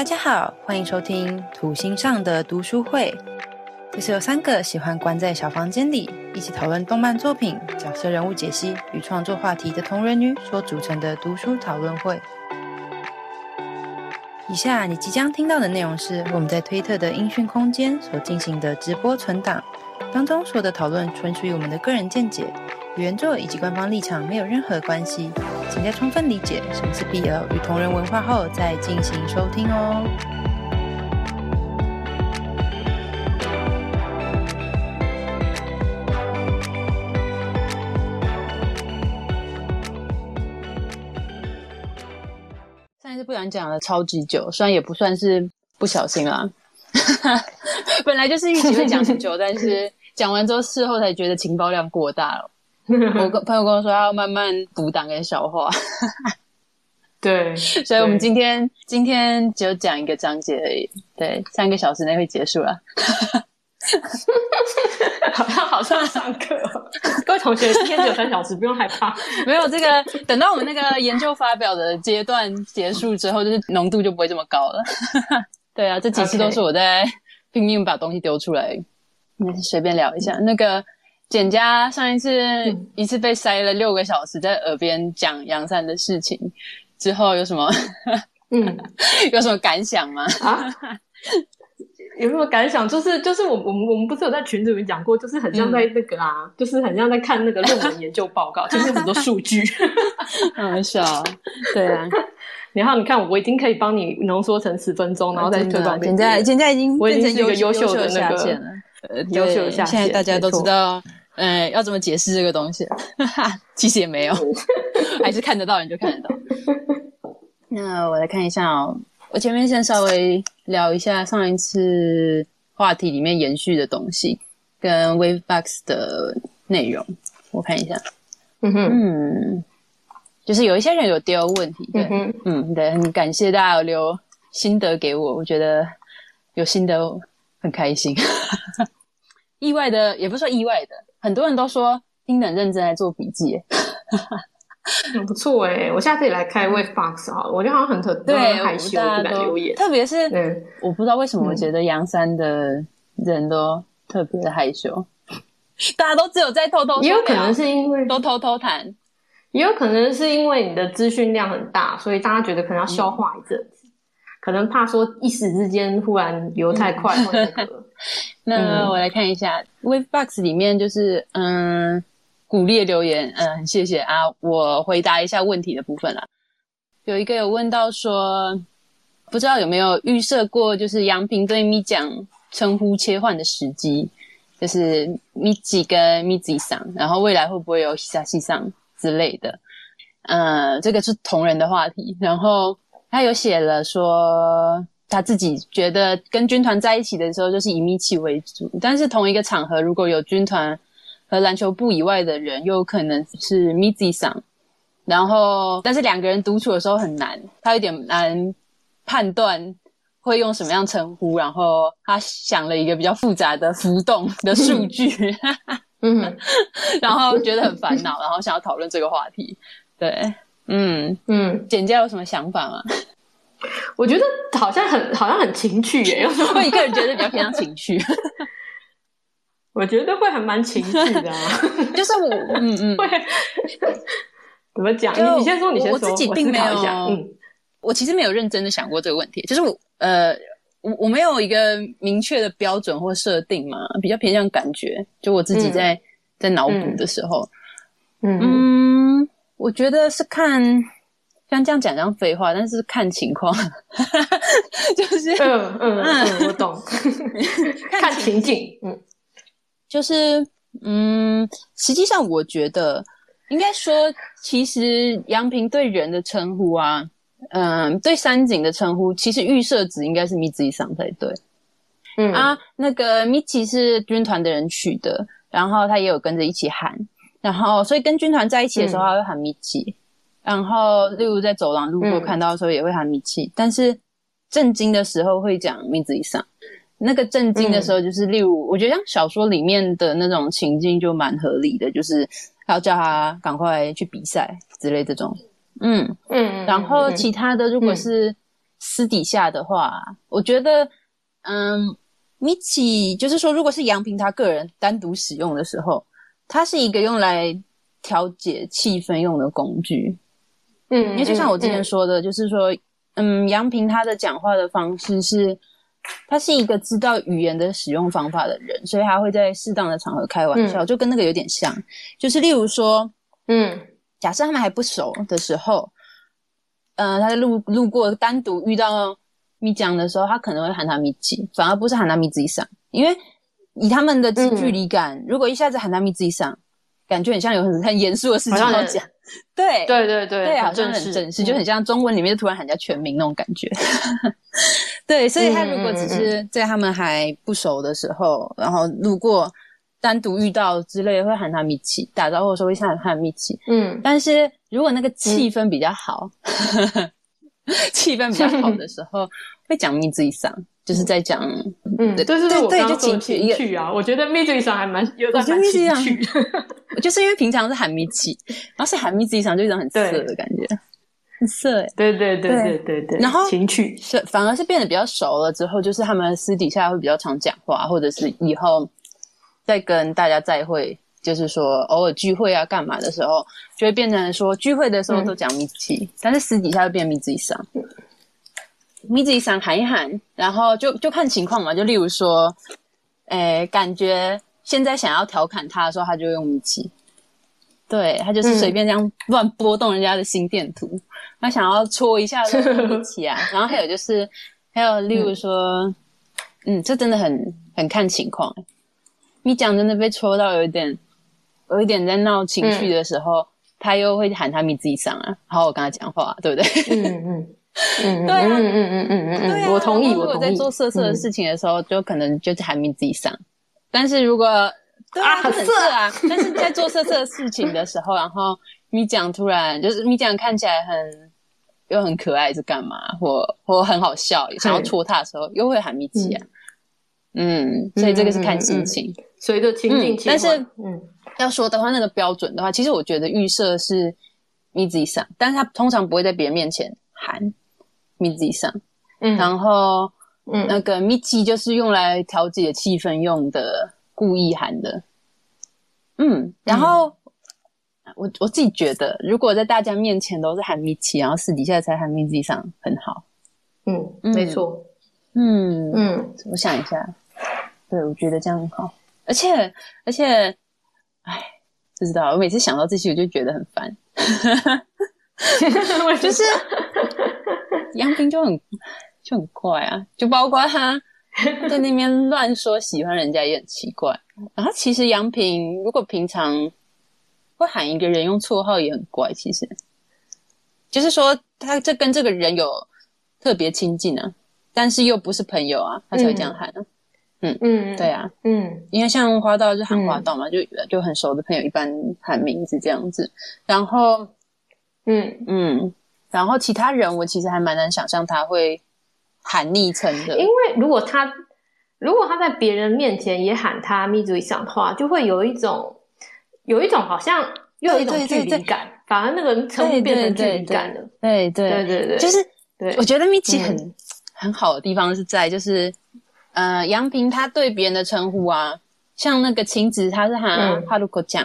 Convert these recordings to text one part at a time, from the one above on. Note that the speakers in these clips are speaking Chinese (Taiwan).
大家好，歡迎收聽土星上的讀書會。這是由三個喜歡關在小房間裡一起討論動漫作品、角色人物解析與創作話題的同人女所組成的讀書討論會。以下你即將聽到的內容是我們在推特的音訊空間所進行的直播存檔當中所有的討論，純屬於我們的個人見解，與原作以及官方立場沒有任何關係。請在充分理解什麼是 BL 與同人文化後再進行收聽哦。上次不小心講了超級久，雖然也不算是不小心啦， 本來就是一起會講很久， 但是講完之後事後才覺得情報量過大了。 我跟朋友跟我說，要慢慢補檔跟消化。 對，所以我們今天今天只有講一個章節而已。對，三個小時內會結束了 好像好像上課，各位同學， 今天只有三小時， 不用害怕。沒有這個，等到我們那個研究發表的階段結束之後，就是濃度就不會這麼高了。 對啊，這幾次都是我在、okay. 拼命把東西丟出來。嗯，隨便聊一下、嗯、那個。減加，上一次一次被塞了六個小時在耳邊講洋三的事情之後有什麼？嗯，有什麼感想嗎？啊， 有什麼感想？就是就是，我我們我們不是有在群子裡面講過，就是很像在那個啊，嗯、就是很像在看那個論文研究報告，就是很多數據。嗯，是啊， 對啊。然 後你，你看，我已經可以幫你濃縮成十分鐘，嗯，然後在推、就是。減加減加已經變成我已經是一個優秀,、那個、秀的下線了，呃，優秀的下線。現在大家都知道。呃，要怎麼解釋這個東西？ 其實也沒有， 還是看得到，你就看得到。 那我來看一下哦，我前面先稍微聊一下上一次話題裡面延續的東西，跟 Wavebox 的內容。我看一下，嗯哼，嗯，就是有一些人有丟問題，對，嗯，嗯，對，很感謝大家有留心得給我，我覺得有心得很開心。 意外的，也不是說意外的，很多人都說聽得很認真，來做筆記耶， 很不錯哎、欸！我下次也來開 w a Fox 好了、嗯，我覺得好像很特，對，害羞不敢留言。特別是對，我不知道為什麼我覺得洋三的人都特別的害羞、嗯，大家都只有在偷偷，也有可能是因為都偷偷談，也有可能是因為你的資訊量很大，所以大家覺得可能要消化一陣子、嗯，可能怕說一時之間忽然流太快、嗯、或者、那個。 那我來看一下、嗯、WeBox 裡面，就是嗯鼓勵留言，嗯謝謝啊，我回答一下問題的部分啦。有一個有問到說，不知道有沒有預設過就陽，就是洋平對咪講稱呼切換的時機，就是咪吉跟咪吉桑，然後未來會不會有西沙西桑之類的？嗯，這個是同人的話題，然後他有寫了說。他自己覺得跟軍團在一起的時候就是以咪奇為主，但是同一個場合如果有軍團和籃球部以外的人，又有可能是咪奇さん。然後，但是兩個人獨處的時候很難，他有點難判斷會用什麼樣稱呼。然後他想了一個比較複雜的浮動的數據，嗯， 嗯 然後覺得很煩惱， 然後想要討論這個話題。對，嗯嗯，簡介有什麼想法嗎、啊？我覺得好像很好像很情趣耶，有時候我一個人覺得比較偏向情趣 我覺得會很蠻情趣的、啊 就算我 嗯， 就是我嗯嗯會怎麼講？你先說你先說，我自己並沒有想過我,、嗯、我其實沒有認真的想過這個問題，就是我呃我我沒有一個明確的標準或設定嘛，比較偏向感覺，就我自己在、嗯、在腦補的時候，嗯嗯,嗯，我覺得是看。像這樣講這樣廢話，但是看情況 ，就是嗯嗯,嗯,嗯，我懂 看，看情景，嗯，就是嗯，實際上我覺得應該說，其實洋平對人的稱呼啊，嗯，對三井的稱呼，其實預設值應該是米子以上才對，嗯啊，那個米奇是軍團的人取的，然後他也有跟着一起喊，然後所以跟軍團在一起的時候，他會喊米奇。嗯然後，例如在走廊路過看到的時候，也會喊米奇、嗯。但是震驚的時候會講名字以上。那個震驚的時候，就是例如、嗯，我覺得像小說裡面的那種情境就蠻合理的，就是要叫他趕快去比賽之類這種。嗯嗯，嗯。然後其他的，如果是私底下的話，嗯、我覺得，嗯，米奇就是說，如果是洋平他個人單獨使用的時候，它是一個用來調節氣氛用的工具。嗯，因為就像我之前說的，嗯、就是說，嗯，洋、嗯、平他的講話的方式是，他是一個知道語言的使用方法的人，所以他會在適當的場合開玩笑，嗯、就跟那個有點像，就是例如說，嗯，假設他們還不熟的時候，呃，他在路路過單獨遇到你講的時候，他可能會喊他咪吉，反而不是喊他咪子一上，因為以他們的近距離感、嗯，如果一下子喊他咪子一上，感覺很像有很很嚴肅的事情要講。對，對對對對對，好像很正式，嗯，就很像中文裡面突然喊叫全名那種感覺。 對，所以他如果只是在他們還不熟的時候，嗯嗯嗯然後路過，單獨遇到之類的，會喊他米奇打招呼的時候，會喊他米奇。嗯，但是如果那個氣氛比較好，嗯， 氣氛比較好的時候， 會講名字以上。就是在講，嗯，對，就對我剛，剛說的情趣啊。趣啊我覺得蜜汁以上還蠻有對情趣，我覺得 就是因為平常是喊蜜汁，然後是喊蜜汁以上，就一種很色的感覺，很色，欸。對對對對對對，對，對，對，然後情趣是反而是變得比較熟了之後，就是他們私底下會比較常講話，或者是以後再跟大家再會，就是說偶爾聚會啊幹嘛的時候，就會變成說聚會的時候都講蜜汁，嗯，但是私底下就變蜜汁以上。米子己上喊一喊，然後就就看情況嘛。就例如說，誒，感覺現在想要調侃他的時候，他就用米奇。對，他就是隨便這樣亂撥動人家的心電圖。他、嗯、想要戳一下，用米奇啊。 然後還有就是，還有例如說，嗯，嗯這真的很很看情況。咪醬真的被戳到，有一點，有一點在鬧情緒的時候，他、嗯、又會喊他米子己上啊。然後我跟他講話，對不對？嗯嗯。 嗯，對啊，嗯，嗯嗯嗯嗯嗯，我同意，我同意。如果我在做色色的事情的時候，就可能就喊咪 Z 上。但是如果對啊，啊很色啊， 但是在做色色的事情的時候，然後咪醬突然就是咪醬看起來很又很可愛，是幹嘛或或很好笑，想要戳他的時候，又會喊咪 Z 啊。嗯，所以這個是看心情，嗯，所隨着情境。但是，嗯，要說的話那個標準的話，其實我覺得預設是咪 Z 上，但是他通常不會在別人面前喊。Miz 上，嗯，然後，嗯，那個 Michi 就是用來調節氣氛用的，故意喊的，嗯，然後、嗯、我我自己覺得，如果在大家面前都是喊 Michi，然後私底下才喊 Miz 上，很好嗯，嗯，沒錯，嗯嗯，我想一下，對，我覺得這樣很好，而且而且，哎，不知道，我每次想到這些，我就覺得很煩，我 就是。 洋平就很就很怪啊，就包括他在那邊亂說喜歡人家也很奇怪。 然後其實洋平如果平常會喊一個人用綽號也很怪，其實就是說他這跟這個人有特別親近啊，但是又不是朋友啊，他才會這樣喊啊。嗯嗯，對啊，嗯，因為像花道就喊花道嘛，嗯、就就很熟的朋友一般喊名字這樣子。然後，嗯嗯。然後其他人，我其實還蠻難想象他會喊昵稱的，因為如果他如果他在別人面前也喊他咪子一講的話，就會有一種有一種好像又有一種距離感，反而那個稱呼變成距離感了。對對對對，對，對，對，對，對，就是對。我覺得米奇很、嗯、很好的地方是在，就是呃洋平他對別人的稱呼啊，像那個晴子他是喊、啊嗯、哈魯口醬，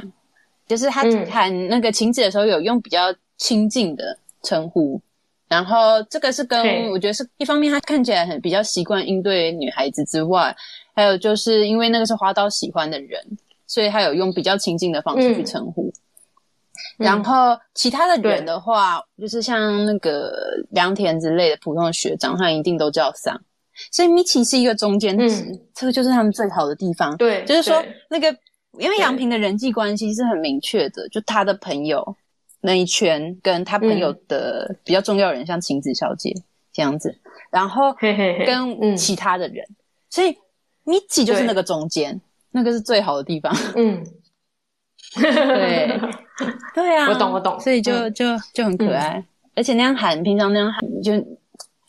就是他喊那個晴子的時候有用比較親近的。嗯稱呼，然後這個是跟、okay. 我覺得是一方面，他看起來很比較習慣應對女孩子之外，還有就是因為那個是花道喜歡的人，所以他有用比較親近的方式去稱呼、嗯。然後其他的人的話、嗯，就是像那個良田之類的普通的學長，他一定都叫桑。所以米奇是一個中間值、嗯，這個就是他們最好的地方。對，就是說那個因為洋平的人際關係是很明確的，就他的朋友。那一圈跟他朋友的比較重要的人，嗯、像晴子小姐這樣子，然後跟其他的人，嘿嘿嘿、嗯、所以米奇就是那個中間，那個是最好的地方。嗯， 對，對啊，我懂我懂，所以就就就很可愛、嗯，而且那樣喊，平常那樣喊，就，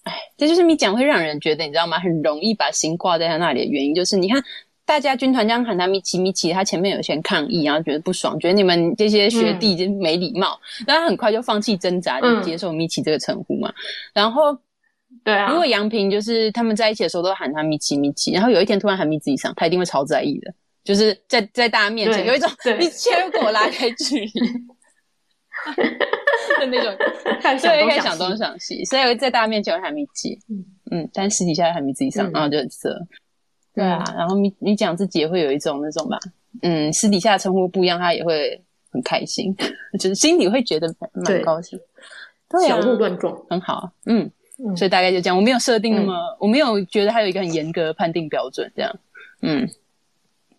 哎，這就是米講會讓人覺得你知道嗎？很容易把心掛在他那裡的原因就是你看，大家軍團這樣喊他米奇米奇，他前面有些人抗議，然後覺得不爽，覺得你們這些學弟就沒禮貌、嗯，但他很快就放棄掙扎，就接受米奇這個稱呼嘛、嗯。然後，對啊，如果洋平就是他們在一起的時候都喊他米奇米奇，然後有一天突然喊米子上，他一定會超在意的，就是在在大家面前有一種一切又跟我拉開距離的那種，應該想，想，想東想西，所以在大家面前喊米奇，嗯嗯，但私底下喊米自己上、嗯，然後就很色。對啊，然後你你講自己也會有一種那種吧，嗯，私底下的稱呼不一樣，他也會很開心， 就是心裡會覺得蠻高興，小鹿亂撞，很好嗯，嗯，所以大概就這樣，我沒有設定那麼、嗯，我沒有覺得他有一個很嚴格的判定標準，這樣，嗯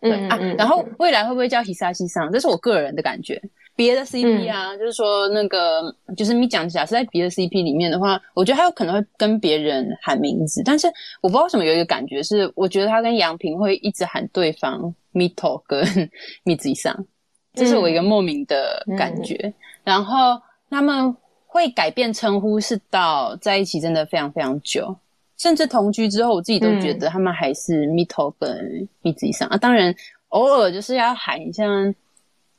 嗯,對嗯啊嗯，然後、嗯嗯、未來會不會叫 Hisashi 桑？這是我個人的感覺。別的 CP 啊、嗯，就是說那個，就是你講起來是在別的 CP 裡面的話，我覺得他有可能會跟別人喊名字，但是我不知道為什麼有一個感覺是，我覺得他跟洋平會一直喊對方 Mito 跟咪子以上，這是我一個莫名的感覺。嗯、然後他們會改變稱呼是到在一起真的非常非常久，甚至同居之後，我自己都覺得他們還是 Mito 跟咪子以上。啊，當然偶爾就是要喊一下。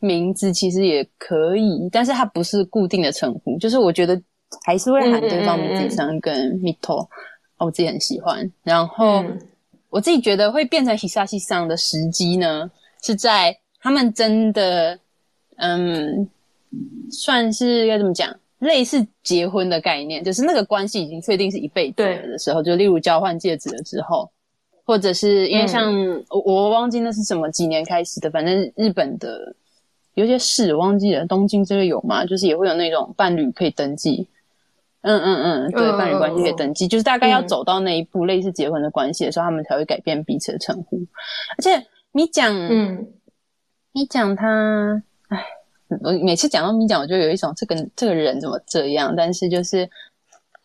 名字其實也可以，但是它不是固定的稱呼。就是我覺得還是會喊對方名字，上跟 “Mito”，、嗯哦、我自己很喜歡。然後、嗯、我自己覺得會變成 Hisashi 桑”的時機呢，是在他們真的嗯，算是該怎麼講，類似結婚的概念，就是那個關係已經確定是一輩子的時候，就例如交換戒指的時候，或者是因為像、嗯、我我忘記那是什麼幾年開始的，反正日本的。有些事忘記了，東京這個有嗎？就是也會有那種伴侶可以登記，嗯嗯嗯，對，伴侶關係可以登記、嗯，就是大概要走到那一步，類似結婚的關係的時候、嗯，他們才會改變彼此的稱呼。而且你講，你講、嗯、他，哎，我每次講到你講，我就有一種這個這個人怎麼這樣？但是就是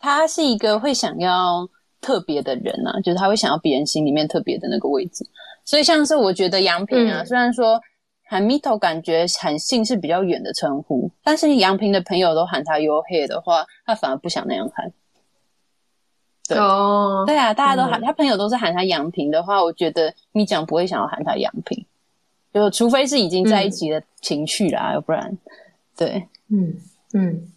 他是一個會想要特別的人呢、啊，就是他會想要別人心裡面特別的那個位置。所以像是我覺得洋平啊、嗯，雖然說。喊 Mito，感覺喊姓是比較遠的稱呼，但是洋平的朋友都喊他尤黑的話，他反而不想那樣喊。對，oh, 對啊，大家都喊、嗯、他朋友都是喊他洋平的話，我覺得蜜醬不會想要喊他洋平，就除非是已經在一起的情緒啦，要、嗯、不然，對，嗯嗯。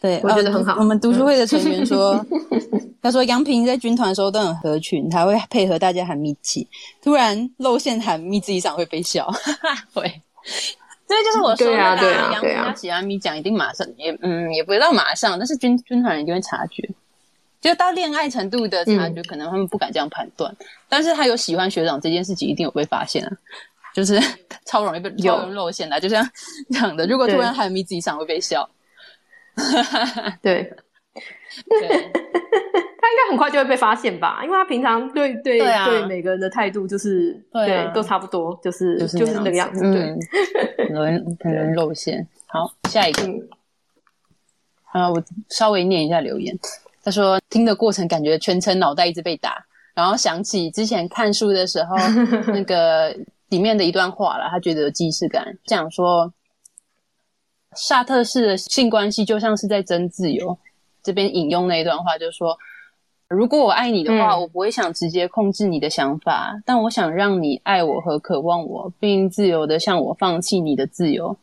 對，我覺得很好、哦嗯。我們讀書會的成員說， 他說洋平在軍團時候都很合群，他會配合大家喊咪吉。突然露餡喊咪自己場會被笑。哈 哈，會。這就是我說的啦，洋、啊啊啊啊、平他喜歡咪講，一定馬上也嗯，也不知道馬上，但是軍軍團人就會察覺。就到戀愛程度的察覺、嗯，可能他們不敢這樣判斷，但是他有喜歡學長這件事情，一定有被發現啊，就是超容易被超容露餡的，就像這樣講的。如果突然喊咪自己場會被笑。 對， 他應該很快就會被發現吧，因為他平常對對對，對、啊、對每個人的態度就是對、啊、對都差不多，就是就是那個樣、就是、樣子，對，可能可能露餡。好，下一個、嗯、啊，我稍微念一下留言。他說，聽的過程感覺全程腦袋一直被打，然後想起之前看書的時候 那個裡面的一段話了，他覺得有既視感，這樣說。沙特式的性關係就像是在爭自由。這邊引用那一段話，就是說：“如果我愛你的話，我不會想直接控制你的想法，嗯、但我想讓你愛我和渴望我，並自由的向我放棄你的自由。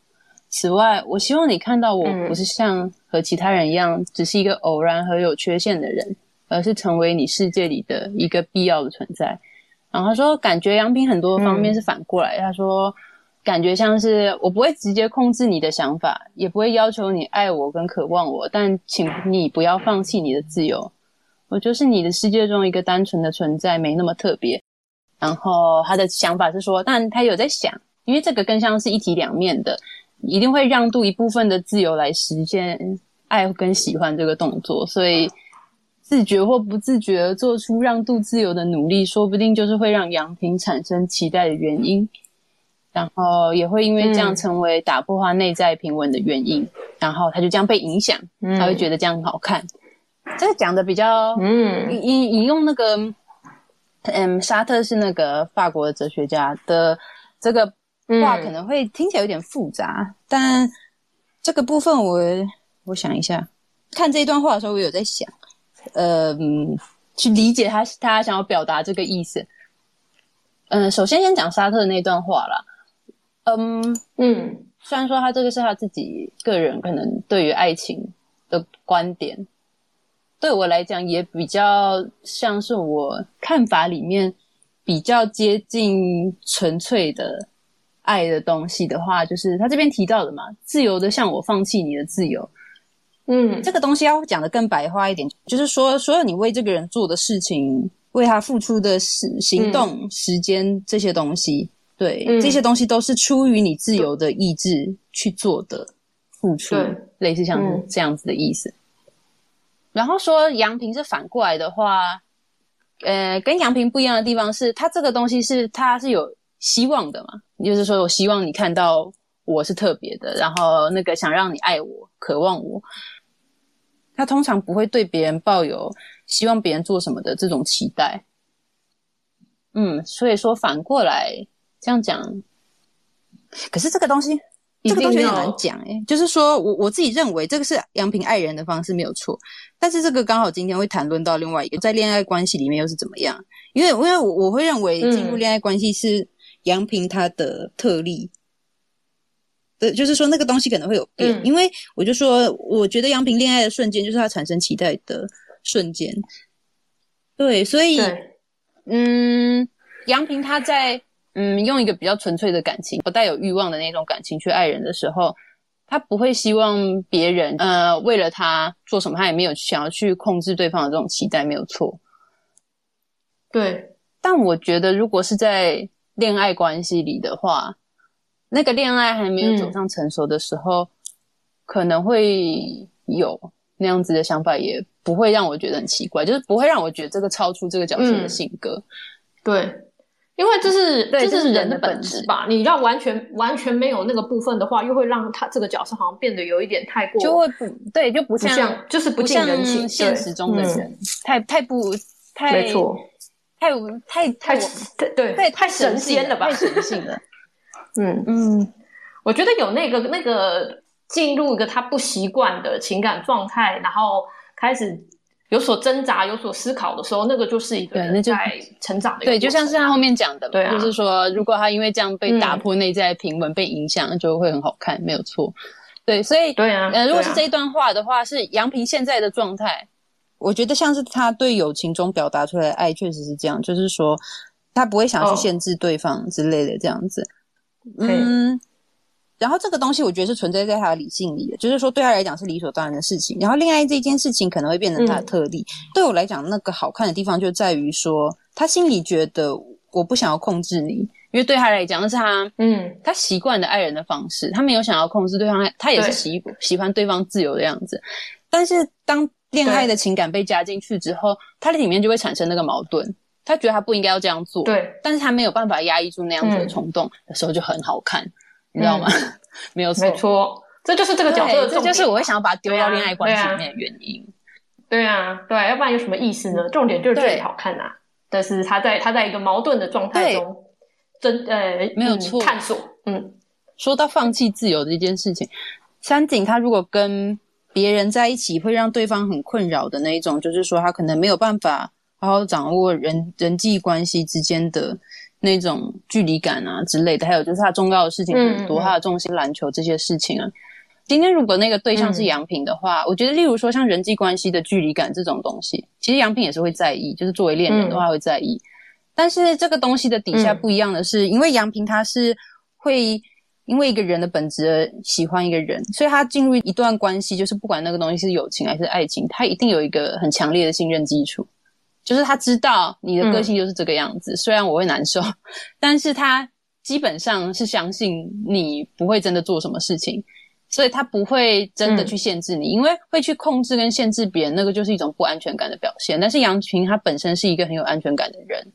此外，我希望你看到我不是像和其他人一樣、嗯，只是一個偶然和有缺陷的人，而是成為你世界裡的一個必要的存在。”然後他說，感覺洋平很多方面是反過來、嗯。他說。感覺像是我不會直接控制你的想法，也不會要求你愛我跟渴望我，但請你不要放棄你的自由。我就是你的世界中一個單純的存在，沒那麼特別。然後他的想法是說，但他有在想，因為這個更像是一體兩面的，一定會讓渡一部分的自由來實現愛跟喜歡這個動作。所以自覺或不自覺做出讓渡自由的努力，說不定就是會讓洋平產生期待的原因。然後也會因為這樣成為打破他內在平穩的原因。嗯，然後他就這樣被影響。嗯，他會覺得這樣很好看。這個講的比較，嗯，引引用那個，嗯，沙特是那個法國的哲學家的這個話，可能會聽起來有點複雜，嗯，但這個部分我我想一下，看這段話的時候，我有在想，嗯，去理解他他想要表達這個意思。嗯，首先先講沙特的那段話了。嗯、um, 嗯，雖然說他這個是他自己個人可能對於愛情的觀點，對我來講也比較像是我看法裡面比較接近純粹的愛的東西的話，就是他這邊提到的嘛，自由的向我放棄你的自由。嗯，這個東西要講的更白話一點，就是說所有你為這個人做的事情，為他付出的時行動、嗯、時間這些東西。對、嗯，這些東西都是出於你自由的意志去做的付出，類似像這樣子的意思。嗯、然後說洋平是反過來的話，呃，跟洋平不一樣的地方是，他這個東西是他是有希望的嘛，就是說我希望你看到我是特別的，然後那個想讓你愛我，渴望我。他通常不會對別人抱有希望別人做什麼的這種期待。嗯，所以說反過來。這樣講，可是這個東西，這個東西有點難講哎、欸。就是說我我自己認為，這個是洋平愛人的方式沒有錯。但是這個剛好今天會談論到另外一個，okay. 在戀愛關係裡面又是怎麼樣？因為，因為我我會認為進入戀愛關係是洋平他的特例的。對、嗯，就是說那個東西可能會有變。嗯、因為我就說，我覺得洋平戀愛的瞬間，就是他產生期待的瞬間。對，所以，對嗯，洋平他在。嗯，用一個比較純粹的感情，不帶有欲望的那種感情去愛人的時候，他不會希望別人呃為了他做什麼，他也沒有想要去控制對方的這種期待，沒有錯。對，但我覺得如果是在戀愛關係裡的話，那個戀愛還沒有走上成熟的時候，嗯、可能會有那樣子的想法，也不會讓我覺得很奇怪，就是不會讓我覺得這個超出這個角色的性格。嗯、對。因為這是，這是人的本質吧？就是、質吧，你要完全完全沒有那個部分的話，又會讓他這個角色好像變得有一點太過，就會不，對，就不像，不像就是不近人情，不像現實中的人，太太不太沒錯，太太太對對太，太，太神仙了吧？太神性的， 嗯嗯，我覺得有那個那個進入一個他不習慣的情感狀態，然後開始。有所掙扎、有所思考的時候，那個就是一個人在成長的對。對，就像是他後面講的嘛對、啊，就是說，如果他因為這樣被打破內在平穩，啊、被影響，就會很好看，嗯、沒有錯。對，所以對啊，呃，如果是這一段話的話，啊、是洋平現在的狀態，我覺得像是他對友情中表達出來的愛確實是這樣，就是說他不會想去限制對方之類的這樣子，哦、嗯。對然後這個東西我覺得是存在在他的理性裡的，就是說對他來講是理所當然的事情。然後戀愛這件事情可能會變成他的特例。嗯、對我來講，那個好看的地方就在於說，他心裡覺得我不想要控制你，因為對他來講是他嗯他習慣的愛人的方式，他沒有想要控制對方，他也是喜喜歡對方自由的樣子。但是當戀愛的情感被加進去之後，他裡面就會產生那個矛盾。他覺得他不應該要這樣做，對，但是他沒有辦法壓抑住那樣子的衝動、嗯、的時候，就很好看。你知道嗎、嗯？沒有錯，沒錯，這就是這個角色的、啊，這就是我會想要把他丟掉到戀愛關係裡面的原因對、啊。對啊，對，要不然有什麼意思呢？重點就是自己好看啊！但是他在他在一個矛盾的狀態中，真呃，沒有錯、嗯，探索。嗯，說到放棄自由的一件事情，三井他如果跟別人在一起，會讓對方很困擾的那一種，就是說他可能沒有辦法好好掌握人人際關係之間的。那種距離感啊之類的，還有就是他重要的事情很多，嗯、他的重心籃球這些事情啊。今天如果那個對象是洋平的話、嗯，我覺得例如說像人際關係的距離感這種東西，其實洋平也是會在意，就是作為戀人的話會在意、嗯。但是這個東西的底下不一樣的是，嗯、因為洋平他是會因為一個人的本質而喜歡一個人，所以他進入一段關係，就是不管那個東西是友情還是愛情，他一定有一個很強烈的信任基礎。就是他知道你的個性就是這個樣子、嗯，雖然我會難受，但是他基本上是相信你不會真的做什麼事情，所以他不會真的去限制你，嗯、因為會去控制跟限制別人，那個就是一種不安全感的表現。但是洋平他本身是一個很有安全感的人，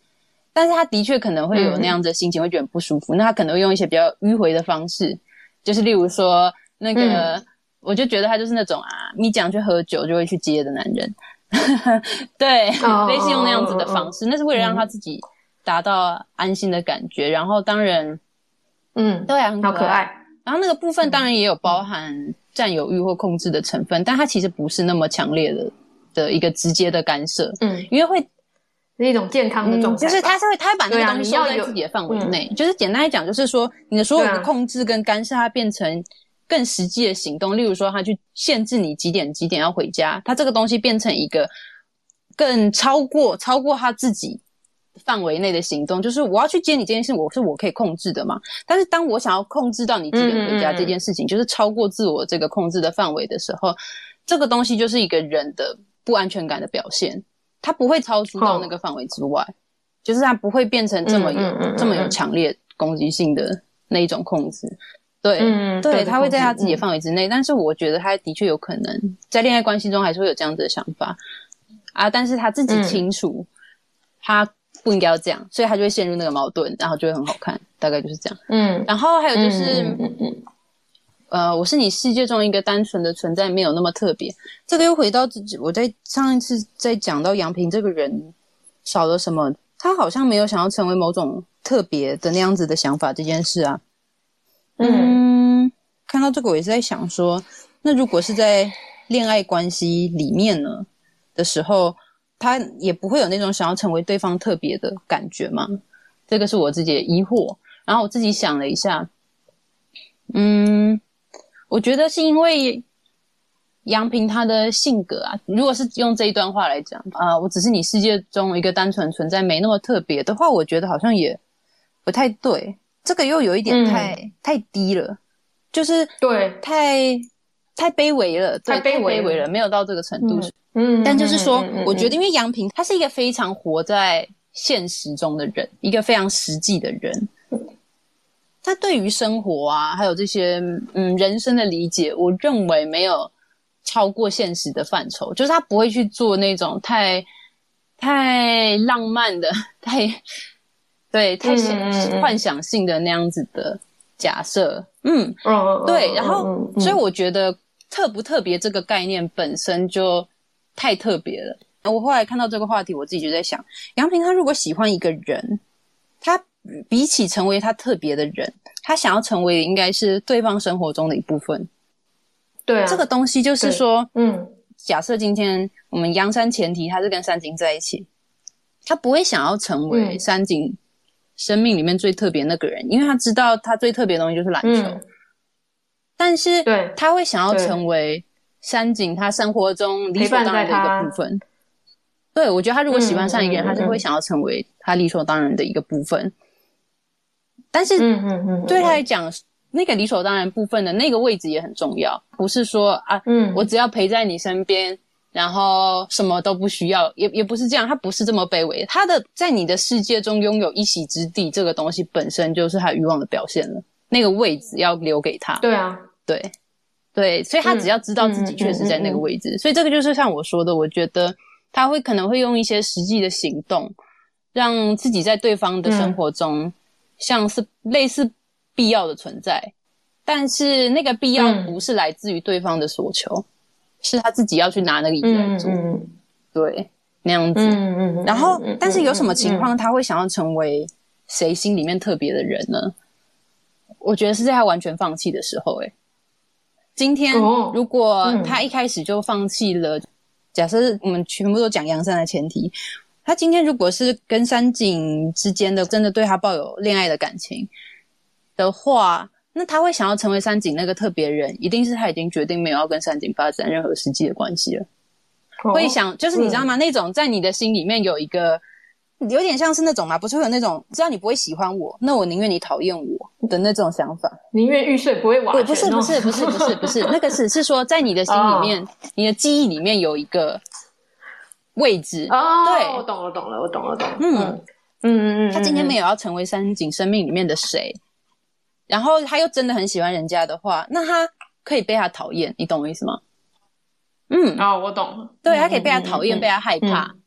但是他的確可能會有那樣子的心情，嗯、會覺得不舒服，那他可能會用一些比較迂回的方式，就是例如說那個、嗯，我就覺得他就是那種啊，你講去喝酒就會去接的男人。 對，微、oh, 信用那樣子的方式，oh, oh, oh, oh. 那是為了讓他自己達到安心的感覺、嗯。然後當然，嗯，對啊很，好可愛。然後那個部分當然也有包含佔有慾或控制的成分、嗯，但它其實不是那麼強烈的的一個直接的干涉。嗯，因為會是一種健康的東西、嗯，就是他是會他把那個東西要、啊、在自己的範圍內。就是簡單來講，就是說你的所有的控制跟干涉，它變成。更實際的行動，例如說，他去限制你幾點幾點要回家，他這個東西變成一個更超過超過他自己範圍內的行動，就是我要去接你這件事，我是我可以控制的嘛。但是當我想要控制到你幾點回家這件事情，嗯嗯，就是超過自我這個控制的範圍的時候，這個東西就是一個人的不安全感的表現。他不會超出到那個範圍之外，哦、就是他不會變成這麼有嗯嗯嗯嗯這麼有強烈攻擊性的那一種控制。對，嗯嗯對，他會在他自己的範圍之內，嗯，但是我覺得他的確有可能在戀愛關係中還是會有這樣子的想法啊，但是他自己清楚他不應該要這樣，嗯，所以他就會陷入那個矛盾，然後就會很好看， 大概就是這樣。嗯，然後還有就是，嗯嗯嗯嗯、呃，我是你世界中一個單純的存在，沒有那麼特別。這個又回到自己，我在上一次在講到洋平這個人少了什麼，他好像沒有想要成為某種特別的那樣子的想法這件事啊。嗯，嗯，看到這個，我也是在想說，那如果是在戀愛關係裡面呢的時候，他也不會有那種想要成為對方特別的感覺嘛？這個是我自己的疑惑。然後我自己想了一下，嗯，我覺得是因為洋平他的性格啊，如果是用這一段話來講啊、呃，我只是你世界中一個單純存在，沒那麼特別的話，我覺得好像也不太對。這個又有一點太、嗯、太，太低了，就是對，太太卑微了，太卑微了，太卑微了，沒有到這個程度，嗯，但就是說，嗯嗯、我覺得因為洋平他是一個非常活在現實中的人，一個非常實際的人，他對於生活啊，還有這些嗯人生的理解，我認為沒有超過現實的範疇，就是他不會去做那種太太浪漫的，太。對，太想、嗯、幻想性的那樣子的假設，嗯，嗯嗯對嗯，然後、嗯、所以我覺得特不特別這個概念本身就太特別了。我後來看到這個話題，我自己就在想，洋平他如果喜歡一個人，他比起成為他特別的人，他想要成為的應該是對方生活中的一部分。對、啊，這個東西就是說，嗯，假設今天我們洋三前提他是跟三井在一起，他不會想要成為三井、嗯。生命裡面最特別那個人，因為他知道他最特別的東西就是籃球、嗯，但是他會想要成為三井他生活中理所當然的一個部分。對，我覺得他如果喜歡上一個人，嗯嗯嗯嗯、他是會想要成為他理所當然的一個部分。但是，嗯嗯嗯，嗯，嗯，對他來講、嗯，那個理所當然部分的那個位置也很重要，不是說啊，嗯，我只要陪在你身邊。然後什麼都不需要，也、也不是這樣，他不是這麼卑微。他的在你的世界中擁有一席之地，這個東西本身就是他欲望的表現了。那個位置要留給他。對啊，對，對，所以他只要知道自己確實在那個位置、嗯嗯嗯嗯嗯，所以這個就是像我說的，我覺得他會可能會用一些實際的行動，讓自己在對方的生活中像是類似必要的存在，嗯、但是那個必要不是來自於對方的所求。是他自己要去拿那個椅子來做、嗯嗯，對，那樣子、嗯嗯。然後，但是有什麼情況他會想要成為誰心裡面特別的人呢？我覺得是在他完全放棄的時候、欸。哎，今天如果他一開始就放棄了，哦嗯、假設我們全部都講洋三的前提，他今天如果是跟三井之間的真的對他抱有戀愛的感情的話。那他會想要成為三井那個特別人，一定是他已經決定沒有要跟三井發展任何實際的關係了。哦、會想，就是你知道嗎、嗯？那種在你的心裡面有一個，有點像是那種嘛，不是會有那種知道你不會喜歡我，那我寧願你討厭我的那種想法。寧願玉碎不會瓦全對。不是不是不是不是 不是那個是是說在你的心裡面、哦，你的記憶裡面有一個位置。哦，對我懂了懂了，我懂了我懂了。嗯嗯嗯,嗯嗯嗯嗯，他今天沒有要成為三井生命裡面的誰。然後他又真的很喜歡人家的話，那他可以被他討厭，你懂我意思嗎？嗯，啊、哦，我懂了。對，他可以被他討厭，嗯、被他害怕。嗯、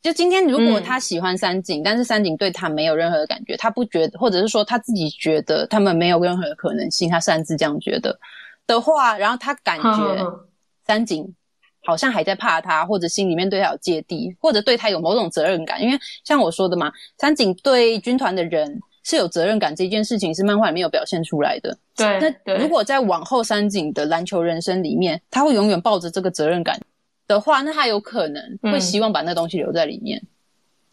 就今天，如果他喜歡三井、嗯，但是三井對他沒有任何的感覺，他不覺得，或者是說他自己覺得他們沒有任何的可能性，他擅自這樣覺得的話，然後他感覺三井好像還在怕他，或者心裡面對他有芥蒂，或者對他有某種責任感，因為像我說的嘛，三井對軍團的人。是有責任感這件事情是漫畫裡面有表現出來的，對，那如果在往後三井的籃球人生裡面，他會永遠抱着這個責任感的話，那他有可能會希望把那東西留在裡面。嗯、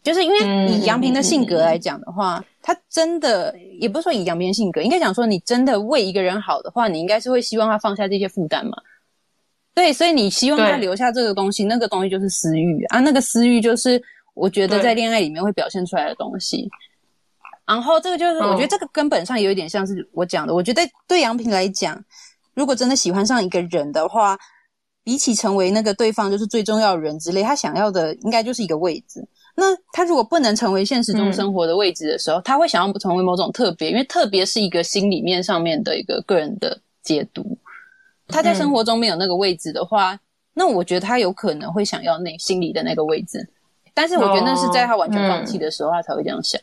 就是因為以洋平的性格來講的話、嗯，他真的、嗯、也不是說以洋平的性格，應該講說你真的為一個人好的話，你應該是會希望他放下這些負擔嘛。對，所以你希望他留下這個東西，那個東西就是私慾啊。那個私慾就是我覺得在戀愛裡面會表現出來的東西。然後這個就是，我覺得這個根本上也有一點像是我講的。Oh. 我覺得對洋平來講，如果真的喜歡上一個人的話，比起成為那個對方就是最重要的人之類，他想要的應該就是一個位置。那他如果不能成為現實中生活的位置的時候，嗯、他會想要成為某種特別，因為特別是一個心裡面上面的一個個人的解讀。他在生活中沒有那個位置的話，嗯、那我覺得他有可能會想要那心裡的那個位置。但是我覺得那是在他完全放棄的時候，oh. 他才會這樣想。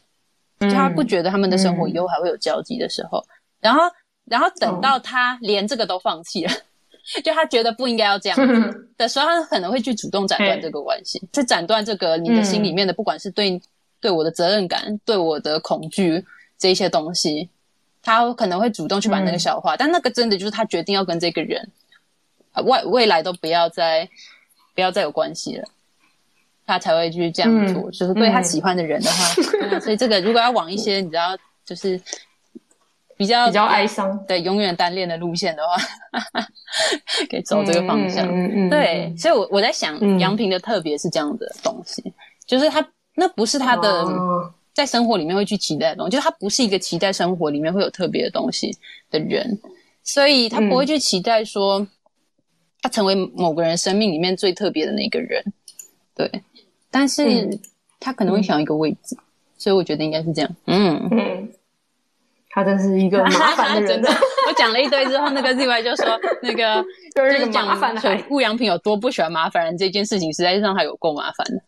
就他不覺得他們的生活以後還會有交集的時候，嗯、然後，然後等到他連這個都放棄了， 就他覺得不應該要這樣子，的時候， 他可能會去主動斬斷這個關係，去斬斷這個你的心裡面的，嗯、不管是對對我的責任感、對我的恐懼這些東西，他可能會主動去把那個消化、嗯。但那個真的就是他決定要跟這個人，未未來都不要再不要再有關係了。他才會去這樣做、嗯，就是對他喜歡的人的話，嗯 啊、所以這個如果要往一些你知道，就是比較比較哀傷、啊，對，永遠單戀的路線的話，哈 可以走這個方向。嗯嗯嗯、對，所以，我我在想，洋、嗯、平的特別是這樣的東西，就是他那不是他的、哦、在生活裡面會去期待的東西，就是他不是一個期待生活裡面會有特別的東西的人，所以他不會去期待說、嗯、他成為某個人生命裡面最特別的那個人。對，但是他可能會想要一個位置，嗯，所以我覺得應該是這樣。嗯，嗯他真是一個麻煩的人的 真的。我講了一堆之後， 那個另外就說 那個就是講、這個、麻煩的。水戶洋平有多不喜歡麻煩人這件事情，實在是讓他有夠麻煩的。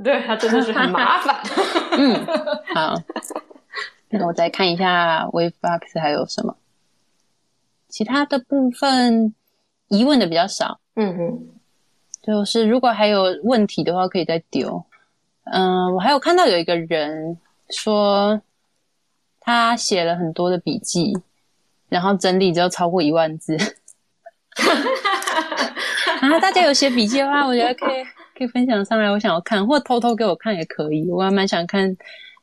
對他真的是很麻煩。 嗯，好，那個，我再看一下 Wavebox 還有什麼其他的部分？疑問的比較少。嗯嗯就是，如果還有問題的話，可以再丟。嗯，我還有看到有一個人說，他寫了很多的筆記，然後整理只要超過一萬字。 然後大家有寫筆記的話，我覺得可以可以分享上來，我想要看，或偷偷給我看也可以。我還蠻想看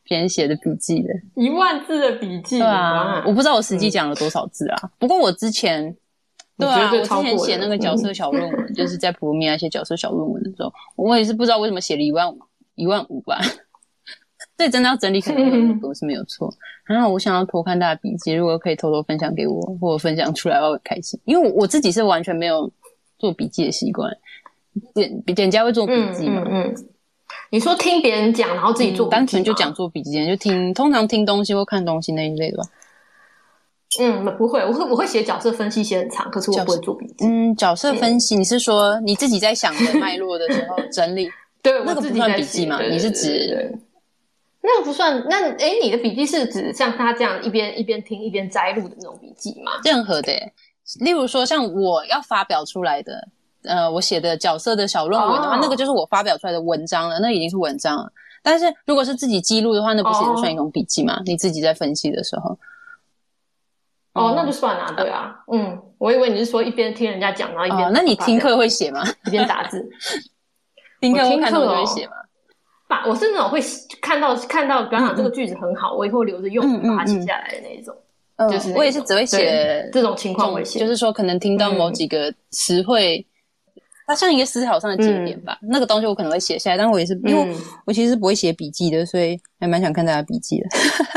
別人寫的筆記的，一萬字的筆記有沒有？對啊，我不知道我實際講了多少字啊。嗯，不過我之前。對啊，我之前寫那個角色小論文、嗯，就是在普羅米亞寫角色小論文的時候， 我也是不知道為什麼寫了一萬五一萬五吧。 所以真的要整理很多很多是沒有錯、嗯。然後我想要偷看大家筆記，如果可以偷偷分享給我，或者分享出來，我會開心。因為我，我自己是完全沒有做筆記的習慣。減、減加會做筆記嘛？嗯嗯？嗯，你說聽別人講，然後自己做、嗯，單純就講做筆記，就聽，通常聽東西或看東西那一類的吧。嗯，不會，我會我會寫角色分析，寫很長，可是我不會做筆記。嗯，角色分析，Yeah. 你是說你自己在想的脈絡的時候整理？ 對，那個不算筆記嗎？ 你是指對對對對對對？那個不算。那哎，你的筆記是指像他這樣一邊一邊聽一邊摘錄的那種筆記嗎？任何的，例如說像我要發表出來的，呃，我寫的角色的小論文的話，哦、那個就是我發表出來的文章了，那個、已經是文章了。但是如果是自己記錄的話，那不是也算一種筆記嗎、哦？你自己在分析的時候。哦、oh, oh,，那就算了、啊嗯。對啊嗯，嗯，我以為你是說一邊聽人家講、嗯，然後一邊、哦……那你聽課會寫嗎？ 一邊打字。 聽課會寫嗎？不， 我是那種會看到、嗯、看到，剛好這個句子很好，我以後留着用，嗯嗯嗯、把它寫下來的那一種嗯。嗯，就是我也是只會寫這，這種情況，就是說可能聽到某幾個詞彙，它、嗯啊、像一個思考上的節點吧、嗯。那個東西我可能會寫下來，但我也是、嗯、因為我，我其實是不會寫筆記的，所以還蠻想看大家筆記的。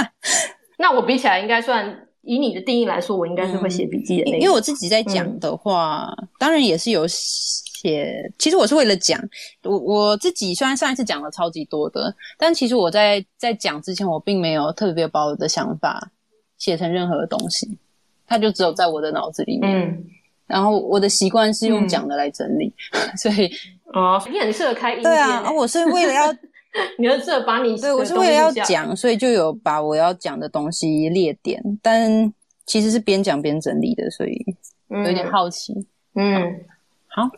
那我比起來應該算。以你的定義來說，我應該是會寫筆記的、嗯。因為我自己在講的話、嗯，當然也是有寫。其實我是為了講我我自己，雖然上一次講了超級多的，但其實我在在講之前，我並沒有特別把我的想法寫成任何的東西，它就只有在我的腦子裡面、嗯。然後我的習慣是用講的來整理，嗯、 所以哦，你很適合開音。對啊，我是為了要。 你要這把你對我是為了要講， 所以就有把我要講的東西列點，但其實是邊講邊整理的，所以有點好奇。嗯，嗯嗯好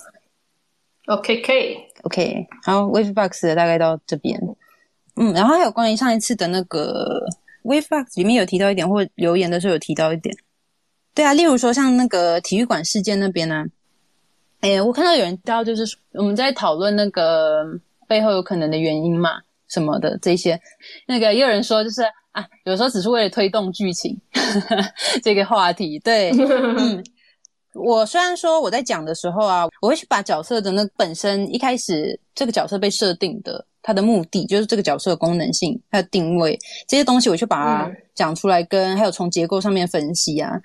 ，OK，可以，OK，好，Wavebox 大概到這邊。嗯，然後還有關於上一次的那個 Wavebox 裡面有提到一點，或留言的時候有提到一點。對啊，例如說像那個體育館事件那邊呢、啊，哎、欸，我看到有人知道，就是我們在討論那個。背後有可能的原因嘛？什麼的這些，那個也有人說，就是啊，有時候只是為了推動劇情呵呵這個話題。對、 嗯、我雖然說我在講的時候啊，我會去把角色的那個本身一開始這個角色被設定的它的目的，就是這個角色的功能性、還有定位這些東西，我去把它講出來跟，跟、嗯、還有從結構上面分析啊，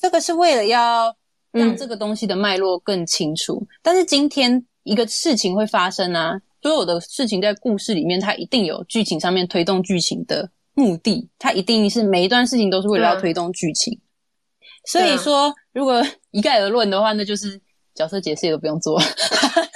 這個是為了要讓這個東西的脈絡更清楚。嗯、但是今天一個事情會發生啊。所有的事情在故事裡面，它一定有劇情上面推動劇情的目的，它一定是每一段事情都是為了要推動劇情。對啊。所以說。對啊，如果一概而論的話，那就是角色解釋也都不用做了。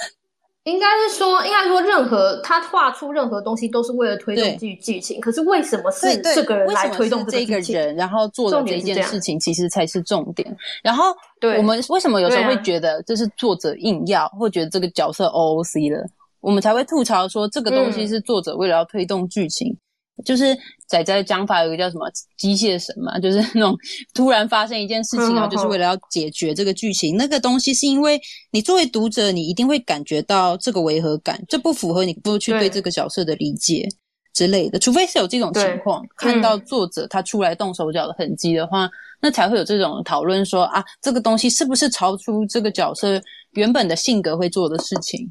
應該是說，應該說，任何他畫出任何東西都是為了推動劇劇情。可是為什麼是這個人來推動這個劇情，是這個人，然後做的這件事情，其實才是重點。然後對，我們為什麼有時候會覺得這是作者硬要。對啊，或覺得這個角色 OOC 了？我們才會吐槽說這個東西是作者為了要推動劇情，嗯，就是仔仔的講法有一個叫什麼機械神嘛，就是那種突然發生一件事情，然後就是為了要解決這個劇情。那個東西是因為你作為讀者，你一定會感覺到這個違和感，這不符合你過去對這個角色的理解之類的。除非是有這種情況，看到作者他出來動手腳的痕跡的話、嗯，那才會有這種討論說啊，這個東西是不是超出這個角色原本的性格會做的事情？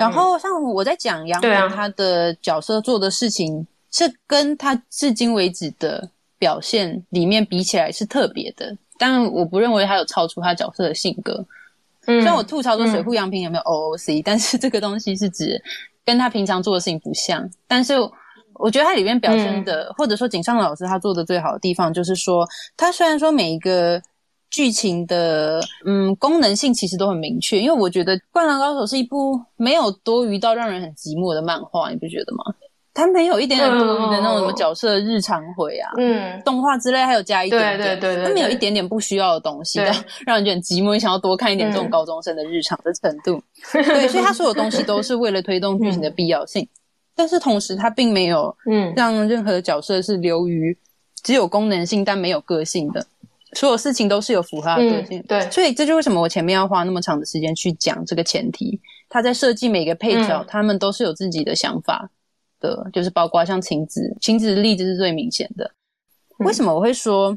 然後像我在講楊洋他的角色做的事情，是跟他至今為止的表現裡面比起來是特別的，但我不認為他有超出他角色的性格。嗯、雖然我吐槽說水戶洋平有沒有 OOC，、嗯、但是這個東西是指跟他平常做的事情不像。但是我覺得他裡面表現的，嗯、或者說井上老師他做的最好的地方，就是說他雖然說每一個。劇情的嗯功能性其實都很明確，因為我覺得《灌籃高手》是一部沒有多餘到讓人很寂寞的漫畫，你不覺得嗎？它沒有一點點多餘的那種什麼角色日常回啊，嗯，動畫之類還有加一點點，對對對對對，它沒有一點點不需要的東西，讓人覺得很寂寞，也想要多看一點這種高中生的日常的程度。嗯、對，所以他所有東西都是為了推動劇情的必要性，嗯、但是同時他並沒有嗯讓任何的角色是流於、嗯、只有功能性但沒有個性的。所有事情都是有符號的對、嗯、對，所以這就為什麼我前面要花那麼長的時間去講這個前提。他在設計每個配角、嗯，他們都是有自己的想法的，就是包括像晴子，晴子的例子是最明顯的、嗯。為什麼我會說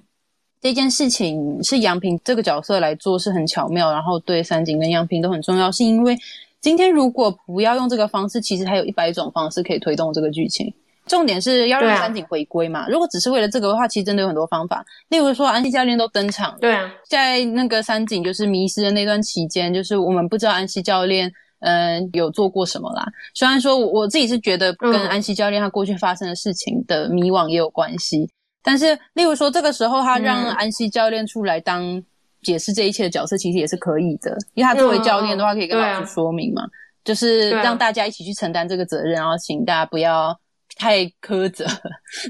這件事情是洋平這個角色來做是很巧妙，然後對三井跟洋平都很重要，是因為今天如果不要用這個方式，其實它有一百種方式可以推動這個劇情。重點是要讓三井回歸嘛、啊？如果只是為了這個的話，其實真的有很多方法。例如說，安西教練都登場了，對啊，在那個三井就是迷失的那段期間，就是我們不知道安西教練嗯、呃、有做過什麼啦。雖然說我，我自己是覺得跟安西教練他過去發生的事情的迷惘也有關係、嗯，但是例如說這個時候他讓安西教練出來當解釋這一切的角色，其實也是可以的，因為他作為教練的話，可以跟老師說明嘛、啊，就是讓大家一起去承擔這個責任，然後請大家不要。太苛責了，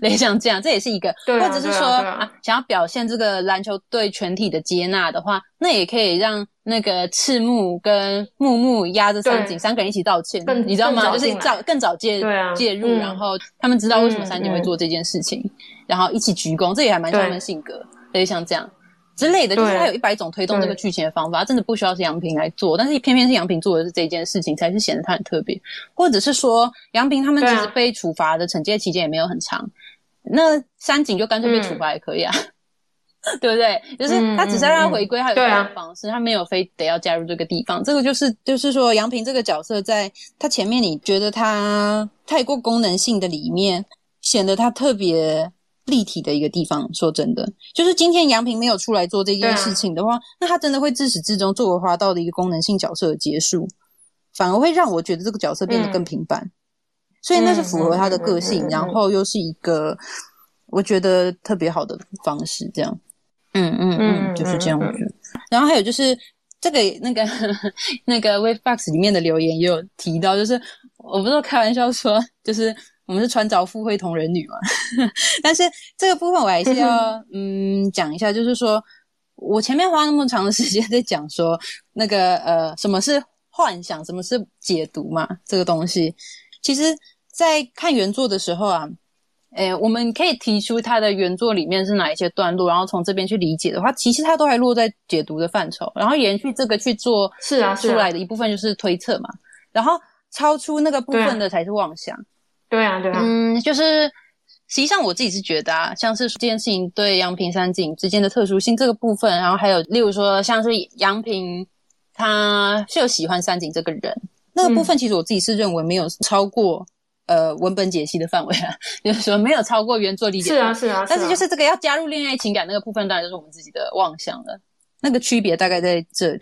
類似像這樣，這也是一個，或者是說、啊啊啊啊，想要表現這個籃球隊全體的接納的話，那也可以讓那個赤木跟木木壓着三井，三個人一起道歉，你知道嗎？就是早更早介介、啊、入、嗯，然後他們知道為什麼三井會做這件事情，嗯、然後一起鞠躬，這也還蠻像他們性格，類似像這樣。之類的，就是他有一百種推動這個劇情的方法，真的不需要是洋平來做，但是偏偏是洋平做的是這件事情，才是顯得他很特別。或者是說，洋平他們其實被處罰的懲戒期間也沒有很長，啊、那三井就乾脆被處罰也可以啊，嗯、 對不對？就是他只是讓他回歸、嗯，他有這樣的方式、嗯，他沒有非得要加入這個地方。啊、這個就是，就是說洋平這個角色在他前面你覺得他太過功能性的裡面，顯得他特別。立體的一個地方，說真的，就是今天洋平沒有出來做這件事情的話，啊、那他真的會自始至終作為花道的一個功能性角色的結束，反而會讓我覺得這個角色變得更平凡。嗯、所以那是符合他的個性、嗯，然後又是一個我覺得特別好的方式，這樣。嗯嗯嗯,嗯，就是這樣子。我覺得，然後還有就是這個那個呵呵那個 Wavebox 裡面的留言也有提到，就是我不是開玩笑說，就是。我們是穿鑿附會同人女嘛， 但是這個部分我還是要嗯講、嗯、一下，就是說我前面花那麼長的時間在講說那個呃什麼是幻想，什麼是解讀嘛，這個東西，其實在看原作的時候啊，誒、欸、我們可以提出它的原作裡面是哪一些段落，然後從這邊去理解的話，其實它都還落在解讀的範疇，然後延續這個去做是啊出來的一部分就是推測嘛、啊啊，然後超出那個部分的才是妄想。對啊，對啊，嗯，就是實際上我自己是覺得，啊，像是這件事情對洋平、三井之間的特殊性這個部分，然後還有例如說像是洋平他是有喜歡三井這個人那個部分，其實我自己是認為沒有超過、嗯、呃文本解析的範圍啊，就是說沒有超過原作理解的，是啊，是啊，是啊，但是就是這個要加入戀愛情感那個部分，當然就是我們自己的妄想了，那個區別大概在這，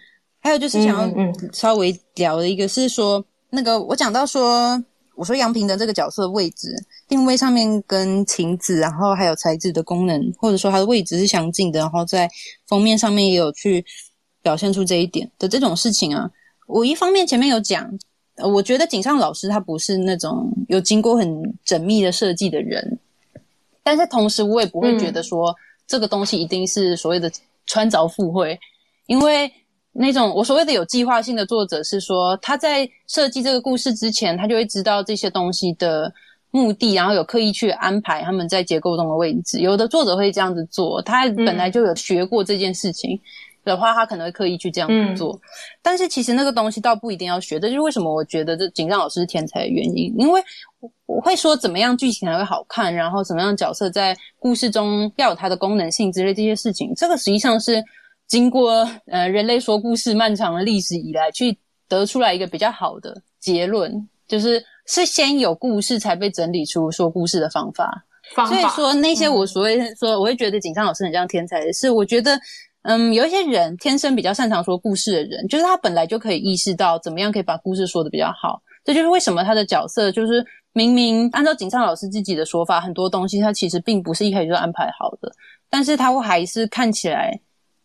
還有就是想要稍微聊的一個、嗯嗯、是說那個我講到說。我說洋平的這個角色位置定位上面跟晴子，然後還有彩子的功能，或者說它的位置是相近的，然後在封面上面也有去表現出這一點的這種事情啊。我一方面前面有講，我覺得井上老師他不是那種有經過很縝密的設計的人，但是同時我也不會覺得說這個東西一定是所謂的穿鑿附會，因為。那種我所謂的有計劃性的作者是說，他在設計這個故事之前，他就會知道這些東西的目的，然後有刻意去安排他們在結構中的位置。有的作者會這樣子做，他本來就有學過這件事情的話，嗯、他可能會刻意去這樣子做，嗯。但是其實那個東西倒不一定要學，這就是為什麼我覺得這井上老師是天才的原因，因為我會說怎麼樣劇情才會好看，然後怎麼樣角色在故事中要有它的功能性之類這些事情，這個實際上是。經過呃人類說故事漫長的歷史以來，去得出來一個比較好的結論，就是是先有故事才被整理出說故事的方法。方法，所以說那些我所謂說、嗯，我會覺得井上老師很像天才，是我覺得嗯有一些人天生比較擅長說故事的人，就是他本來就可以意識到怎麼樣可以把故事說的比較好。這就是為什麼他的角色就是明明按照井上老師自己的說法，很多東西他其實並不是一開始就安排好的，但是他會還是看起來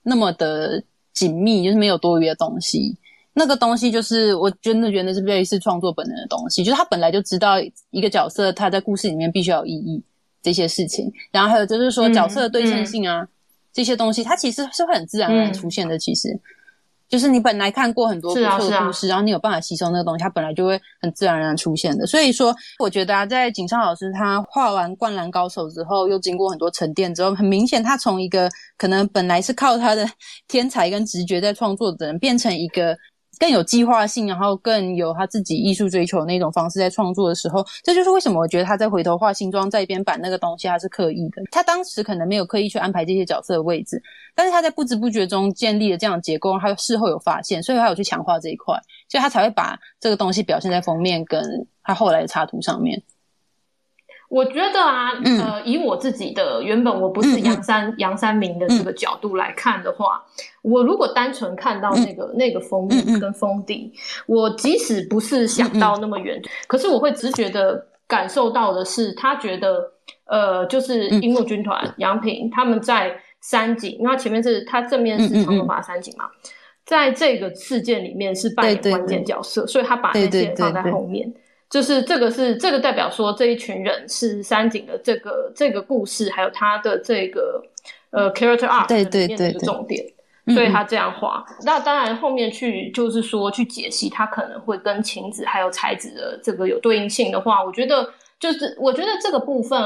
那麼的緊密，就是沒有多餘的東西。那個東西就是我真的覺得是類似創作本能的東西，就是他本來就知道一個角色他在故事裡面必須要有意義這些事情，然後還有就是說、嗯、角色的對稱性啊、嗯，這些東西它其實是很自然的、嗯、出現的，其實。就是你本來看過很多不錯的故事，啊啊、然後你有辦法吸收那個東西，它本來就會很自然而然出現的。所以說，我覺得啊，在井上老師他畫完《灌籃高手》之後，又經過很多沉澱之後，很明顯他從一個可能本來是靠他的天才跟直覺在創作的人，變成一個，更有計劃性，然後更有他自己藝術追求的那種方式在創作的時候，這就是為什麼我覺得他在回頭畫新裝再編版那個東西，他是刻意的。他當時可能沒有刻意去安排這些角色的位置，但是他在不知不覺中建立了這樣的結構，他事後有發現，所以他有去強化這一塊，所以他才會把這個東西表現在封面跟他後來的插圖上面。我覺得啊，呃，以我自己的原本我不是洋三洋、嗯嗯、三迷的這個角度來看的話，嗯嗯、我如果單純看到、這個嗯、那個那個封面跟封底、嗯嗯，我即使不是想到那麼遠、嗯嗯，可是我會直覺的感受到的是，他覺得呃，就是櫻木軍團、洋、嗯、平他們在三井、嗯嗯嗯，那前面是他正面是長頭髮三井嘛、嗯嗯嗯，在這個事件裡面是扮演關鍵角色，對對對，所以他把那些放在後面。對對對對對對就是這個是這個代表說這一群人是三井的這個這個故事，還有他的這個呃 character art 對對對對，重點，所以他這樣畫、嗯嗯。那當然後面去就是說去解析，他可能會跟晴子還有彩子的這個有對應性的話，我覺得就是我覺得這個部分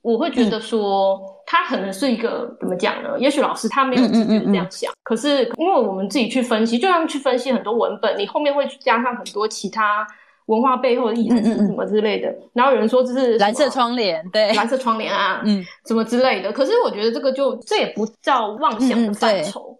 我會覺得說他可能是一個、嗯、怎麼講呢？也許老師他沒有自覺這樣想嗯嗯嗯嗯，可是因為我們自己去分析，就像去分析很多文本，你後面會加上很多其他。文化背後的意思什麼之類的嗯嗯嗯。然後有人說這是藍色窗簾，對，藍色窗簾啊， 嗯，什麼之類的。可是我覺得這個就這也不叫妄想的範疇，嗯嗯，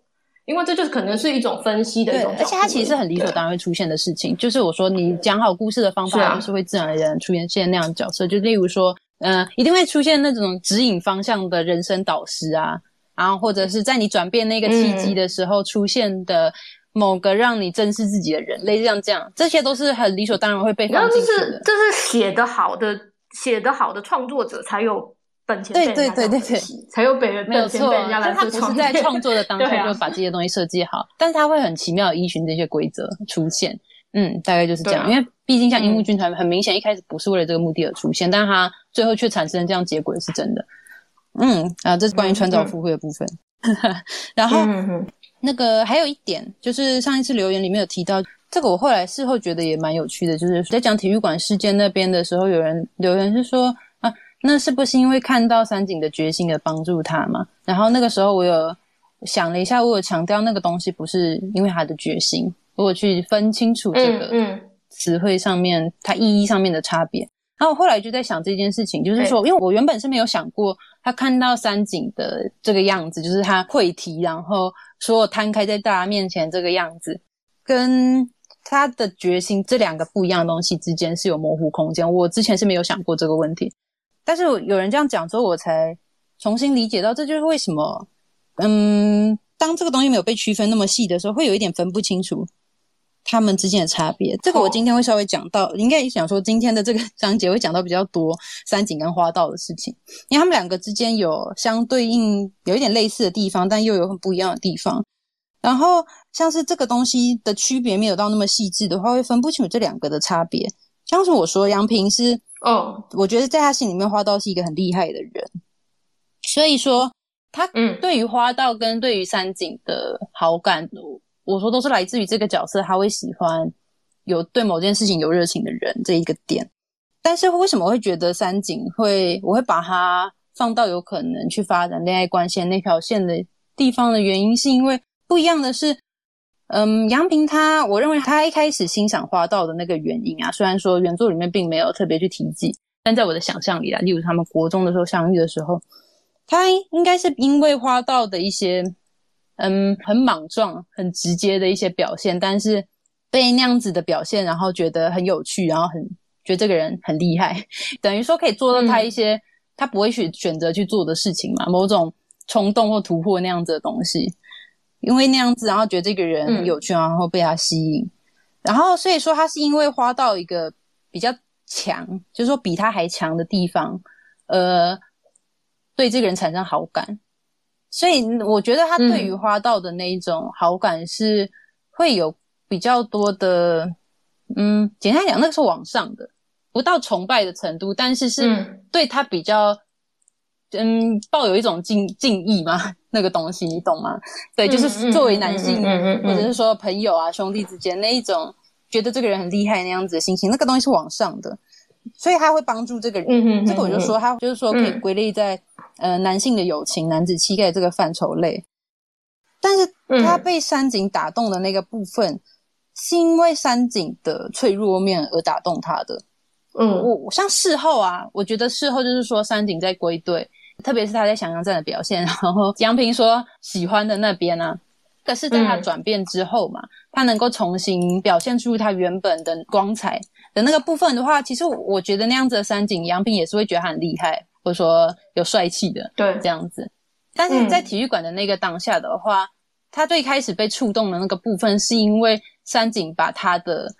因為這就是可能是一種分析的一種，而且它其實是很理所當然會出現的事情。就是我說你講好故事的方法，就是會自然而然出現，現那樣的角色。啊、就例如說，嗯、呃，一定會出現那種指引方向的人生導師啊，然後或者是在你轉變那個契機的時候出現的、嗯。某個讓你珍視自己的人，類似這樣這樣，這些都是很理所當然會被然後就是這、就是寫的好的，寫的好的創作者才有本錢，對對對對對，才有人，沒有錯。但他不是在創作的當下就把這些東西設計好、 啊，但是他會很奇妙的依循這些規則出現。嗯，大概就是這樣。啊、因為畢竟像櫻木軍團，很明顯一開始不是為了這個目的而出現，嗯、但他最後卻產生了這樣結果也是真的。嗯，啊，這是關於穿鑿附會的部分，嗯、 然後。嗯嗯那個還有一點，就是上一次留言裡面有提到這個，我後來事後覺得也蠻有趣的，就是在講體育館事件那邊的時候，有人留言是說啊，那是不是因為看到三井的決心而幫助他嘛？然後那個時候我有想了一下，我有強調那個東西不是因為他的決心，我去分清楚這個詞彙上面它意義上面的差別。然後我後來就在想這件事情，就是說，因為我原本是沒有想過，他看到三井的這個樣子，就是他潰堤，然後說我攤開在大家面前這個樣子，跟他的決心這兩個不一樣的東西之間是有模糊空間。我之前是沒有想過這個問題，但是有人這樣講之後，我才重新理解到，這就是為什麼，嗯，當這個東西沒有被區分那麼細的時候，會有一點分不清楚。他們之間的差別，這個我今天會稍微講到，哦、應該也想說今天的這個章節會講到比較多三井跟花道的事情，因為他們兩個之間有相對應有一點類似的地方，但又有很不一樣的地方。然後像是這個東西的區別沒有到那麼細緻的話，會分不清楚這兩個的差別。像是我說洋平是哦，我覺得在他心裡面花道是一個很厲害的人，所以說他嗯對於花道跟對於三井的好感度。嗯嗯我說都是來自於這個角色，他會喜歡有對某件事情有熱情的人這一個點，但是為什麼我會覺得三井會，我會把他放到有可能去發展戀愛關係那條線的地方的原因，是因為不一樣的是，嗯，洋平他我認為他一開始欣賞花道的那個原因啊，雖然說原作裡面並沒有特別去提及，但在我的想象裡啊，例如他們國中的時候相遇的時候，他應該是因為花道的一些。嗯，很莽撞，很直接的一些表現，但是被那樣子的表現，然後覺得很有趣，然後很覺得這個人很厲害， 等於說可以做到他一些、嗯、他不會選選擇去做的事情嘛，某種衝動或突破那樣子的東西。因為那樣子，然後覺得這個人很有趣，嗯，然後被他吸引，然後所以說他是因為花到一個比較強，就是說比他還強的地方，呃，對這個人產生好感。所以我覺得他對於花道的那一種好感是會有比較多的，嗯，簡單來講，那個是往上的，不到崇拜的程度，但是是對他比較，嗯，抱有一種敬敬意嘛，那個東西你懂嗎？對，就是作為男性，嗯，或者是說朋友啊，嗯，兄弟之間那一種覺得這個人很厲害那樣子的心情，那個東西是往上的，所以他會幫助這個人，嗯嗯嗯嗯，這個我就說他就是說可以歸類在。呃，男性的友情、男子氣概這個範疇類，但是他被三井打動的那個部分，嗯、是因為三井的脆弱面而打動他的。嗯，嗯我，我像事後啊，我覺得事後就是說三井在歸隊，特別是他在翔陽戰的表現，然後洋平說喜歡的那邊啊。可是在他轉變之後嘛、嗯，他能夠重新表現出他原本的光彩的那個部分的話，其實我覺得那樣子的三井，洋平也是會覺得他很厲害。或者說有帥氣的，對，這樣子。但是在體育館的那個當下的話，嗯、他最開始被觸動的那個部分，是因為三井把他的